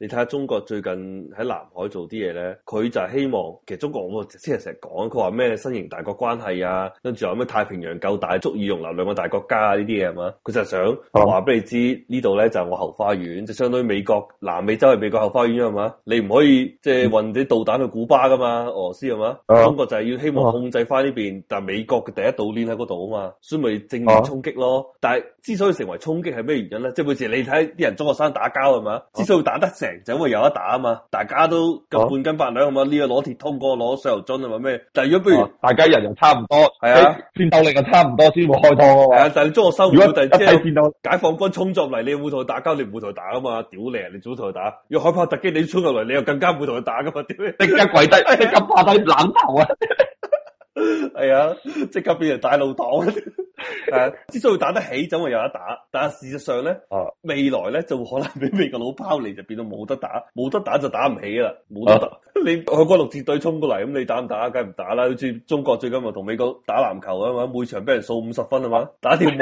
你睇下中國最近喺南海做啲嘢咧，佢就係希望其實中國我個先成日講，佢話咩新型大國關係啊，跟住有咩太平洋夠大足以容納兩個大國家啊，啊，啊呢啲嘢係嘛？佢就係想話俾你知呢度咧就係我後花園，就相當於美國南美洲係美國後花園啫係嘛？你唔可以即係運啲導彈去古巴噶嘛？俄羅斯係嘛？啊、中國就係要希望控制翻呢邊，啊、但美國嘅第一島鏈喺嗰度啊嘛，所以咪正面衝擊咯。但係之所以成為衝擊係咩原因咧？即、就、係、是、每次你睇啲人中學生打交係嘛？之所以打得成。就因為有得打啊嘛，大家都咁半斤八兩啊嘛，呢個攞鐵通，嗰個攞石油樽啊嘛咩？但係如果不如、啊、大家人又差唔多，係啊，戰鬥力又差唔多，先會開倉啊，但係你將我收唔到，一睇見到解放軍衝入嚟，你會同佢打交，你唔會同佢打啊嘛？屌你、啊，你早同佢打？要害怕突擊你衝入嚟，你又更加唔會同佢打噶嘛？點咧？即刻 跪低，即刻趴低冷頭啊！係啊， 即刻變成大老黨。 誒、 啊，之所以打得起，就因為有得打。但係事實上咧，啊，未來咧就可能俾美國佬拋嚟，就變到冇得打，冇得打就打唔起啦。冇得打，啊、你外國六字隊衝過嚟，咁你打唔打？梗係唔打啦。好似中國最近咪同美國打籃球啊嘛，每場俾人掃五十分啊嘛，打條毛。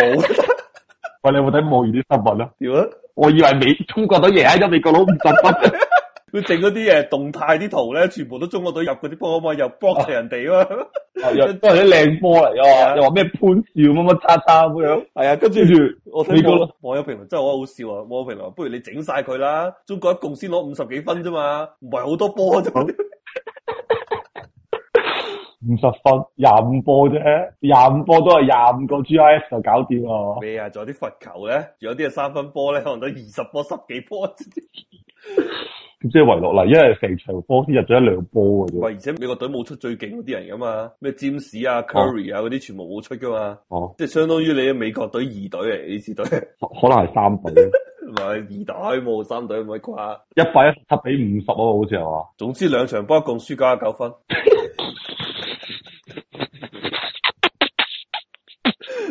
喂，你有睇網易啲新聞啊？點啊？我以為美中國都贏喺咗美國佬五十分。 佢整嗰啲誒動態啲圖咧，全部都中國隊入嗰啲波波嘛，又 block 住人哋啊嘛，都係啲靚波嚟啊！又話咩潘少乜乜叉叉咁樣，係啊！ 跟住我睇想到，網友評論真係好好笑啊！網友評論：不如你整晒佢啦！中國一共先攞五十幾分啫嘛，唔係好多波就五十分廿五波啫，廿五波都係廿五個 G I F 就搞掂啊！咩啊？仲有啲罰球咧，有啲係三分波咧，可能得二十波、十幾波。 即係圍落嚟，因為肥場波先入咗一兩波嘅啫。喂，而且美國隊冇出最勁嗰啲人噶嘛，咩詹士啊、Curry 啊嗰啲、啊、全部冇出噶嘛。哦、啊，即係相當於你美國隊二隊嚟呢支隊，隊可能係 三隊。唔係二隊冇三隊乜瓜，一百一十七比五十啊，好似係嘛。總之兩場波共輸加九分。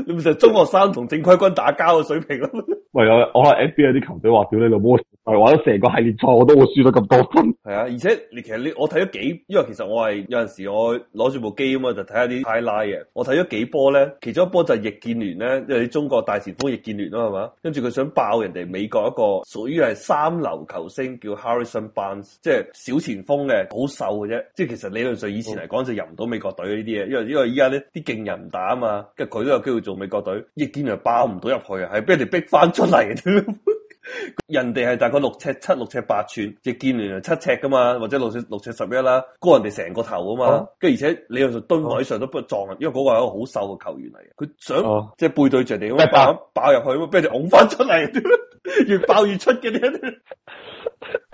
你咪就係中學生同正規軍打交嘅水平咯。喂，我我喺 FB 有啲球隊話屌你老妹。係玩咗成個系列賽，我都會輸得咁多分。係啊，而且你其實你我睇咗幾，因為其實我係有陣時我攞住部機啊嘛，就睇下啲 highlight 嘅。我睇咗幾波咧，其中一波就係易建聯咧，因為中國大前鋒易建聯啦，係嘛。跟住佢想爆人哋美國一個屬於係三流球星，叫 Harrison Barnes，即係小前鋒嘅，好瘦嘅啫。即係其實理論上以前嚟講就入唔到美國隊呢啲嘢，因為因為依家呢啲勁人唔打啊嘛，跟住佢都有機會做美國隊。易建聯係爆唔到入去啊，係俾人哋逼翻出嚟啊。 人哋係大概六尺七、六尺八寸，即建聯係七尺噶嘛，或者六尺六尺十一啦，高人哋成個頭啊嘛。跟住、啊、而且你又從蹲海上都不撞，啊、因為嗰個係一個好瘦嘅球員嚟嘅，佢想、啊、即係背對住你，咁爆，吧爆，爆入去，咁俾人哋拱翻出嚟， 越爆越出嘅呢？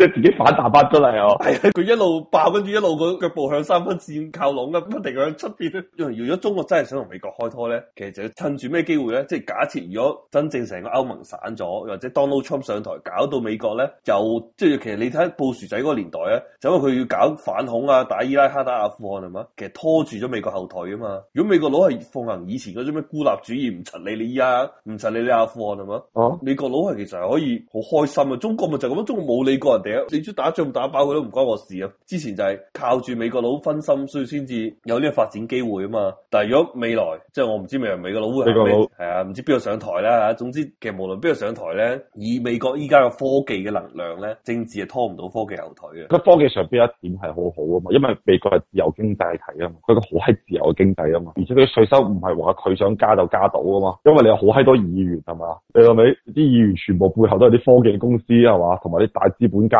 即係自己反大翻出嚟哦！係啊，佢一路爆，跟住一路個腳步向三分線靠攏啊，不停向出邊咧。如果中國真係想同美國開拖咧，其實就趁住咩機會咧？即係假設如果真正成個歐盟散咗，或者 Donald Trump 上台搞到美國咧，就即係其實你睇布殊仔嗰個年代啊，就因為佢要搞反恐啊，打伊拉克、打阿富汗係嘛？其實拖住咗美國後腿啊嘛。如果美國佬係奉行以前嗰啲咩孤立主義，唔實你你啊，唔實你你阿富汗係嘛？哦，啊、美國佬係其實係可以好開心啊！中國咪就咁樣，中國冇理過人哋。你出打仗打爆佢都唔關我事啊！之前就係靠住美國佬分心，所以先至有呢個發展機會啊嘛。但係如果未來，即係我唔知未來美國佬會，美國佬係啊，唔知邊個上台啦吓。總之，其實無論邊個上台咧，以美國依家嘅科技嘅能量咧，政治係拖唔到科技後腿嘅。咁科技上邊一點係好好啊嘛，因為美國係自由經濟體啊嘛，佢個好閪自由嘅經濟啊嘛，而且佢稅收唔係話佢想加就加到啊嘛，因為你有好閪多議員係嘛，你話咪，啲啲議員全部背後都係啲科技公司係嘛，同埋啲大資本家。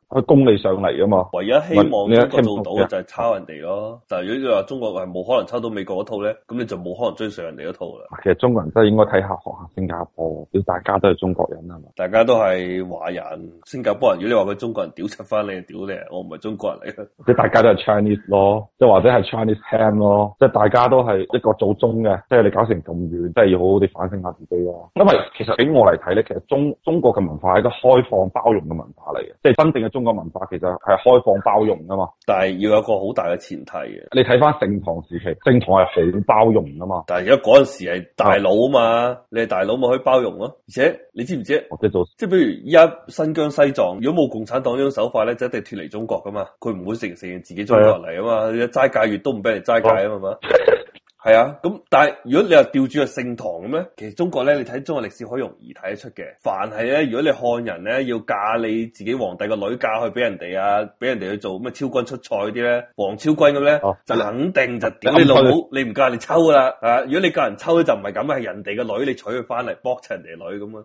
佢攻你上嚟啊嘛！唯一希望中國做到嘅就係抄人哋咯。的但係如果你話中國係冇可能抄到美國嗰套咧，咁你就冇可能追上人哋嗰套啦。其實中國人都應該睇下學下新加坡，因為大家都係中國人啊嘛，大家都係華人。新加坡人如果你話佢中國人屌出翻你，屌你！我唔係中國人嚟嘅。即係大家都係 Chinese 咯，即係或者係 Chinese hand 咯，即係大家都係一個祖宗嘅，即係你搞成咁遠，真係要好好地反省下自己咯。因為其實畀我嚟睇咧，其實中中國嘅文化係一個開放包容嘅文化嚟嘅，即係真正嘅中。個文化其實係開放包容噶嘛，但係要有個好大嘅前提嘅。你睇翻盛唐時期，盛唐係好包容噶嘛。但係而家嗰陣時係大佬啊嘛，的你係大佬咪可以包容咯、啊。而且你知唔知？即係做，即係比如依家新疆西藏，如果冇共產黨呢種手法咧，就一定脫離中國噶嘛。佢唔會承承認自己中國嚟啊嘛。齋戒的月都唔俾人齋戒啊嘛。好 係啊，咁但係如果你又調轉去聖堂咁咧，其實中國咧，你睇中國歷史好容易睇得出嘅。凡係咧，如果你漢人咧要嫁你自己皇帝個女嫁去俾人哋啊，俾人哋去做咩昭君出塞啲咧，王昭君咁咧，就肯定就屌你老母你唔嫁你抽啦啊！啊如果你嫁人抽咧就唔係咁嘅。係人哋個女你娶佢翻嚟，剝人哋女咁啊，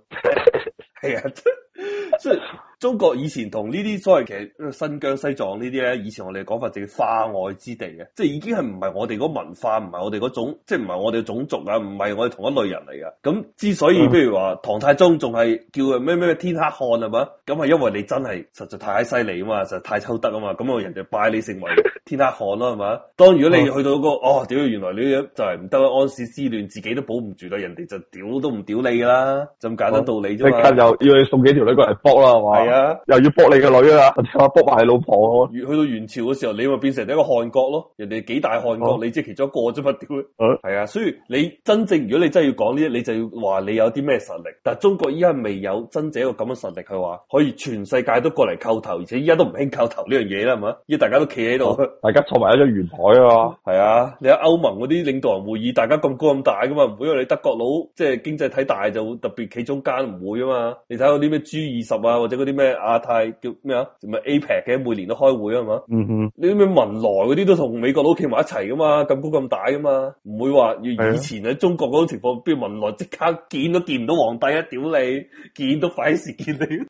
係啊。 即係 中國以前同呢啲所謂其實新疆、西藏呢啲咧，以前我哋嘅講法就叫化外之地嘅，即、就、係、是、已經係唔係我哋嗰文化，唔係我哋嗰種，即係唔係我哋種族啊，唔係我哋同一類人嚟噶。咁之所以譬如話唐太宗仲係叫咩咩天可汗係嘛，咁係因為你真係實在太犀利啊嘛，實在太抽得啊嘛，咁人哋就拜你成為天可汗咯係嘛。當如果你去到嗰、那個 哦屌、哦，原來你呢樣就係唔得啊，安史之亂自己都保唔住啦，人哋就屌都唔屌你啦，咁簡單道理啫嘛，嗯、就要你送幾條。女過嚟搏啦，係嘛？係啊，又要搏你個女啊！我聽下搏埋你老婆。越去到元朝嘅時候，你咪變成一個汗國咯。人哋幾大汗國，啊、你只其中一個啫嘛？屌、啊，係啊。所以你真正如果你真係要講呢，你就要話你有啲咩實力。但係中國依家未有真正一個咁嘅實力，係話可以全世界都過嚟叩頭，而且依家都唔興叩頭呢樣嘢啦，係嘛？要大家都企喺度，大家坐埋一張圓台啊嘛。係啊，你喺歐盟嗰啲領導人會議，大家咁高咁大噶嘛？唔會，因為你德國佬即係經濟體大，就特別企中間唔會啊嘛。你睇下啲咩？G 二十啊，或者嗰啲咩亞太叫咩啊，咪 APEC 嘅，每年都開會啊，係、嗯、哼嘛？嗯嗯，呢啲咩文萊嗰啲都同美國佬企埋一齊噶嘛，咁高咁大噶嘛，唔會話要以前喺中國嗰種情況，嗯、哼如文萊即刻見都見唔到皇帝啊，屌你，見都費事見你。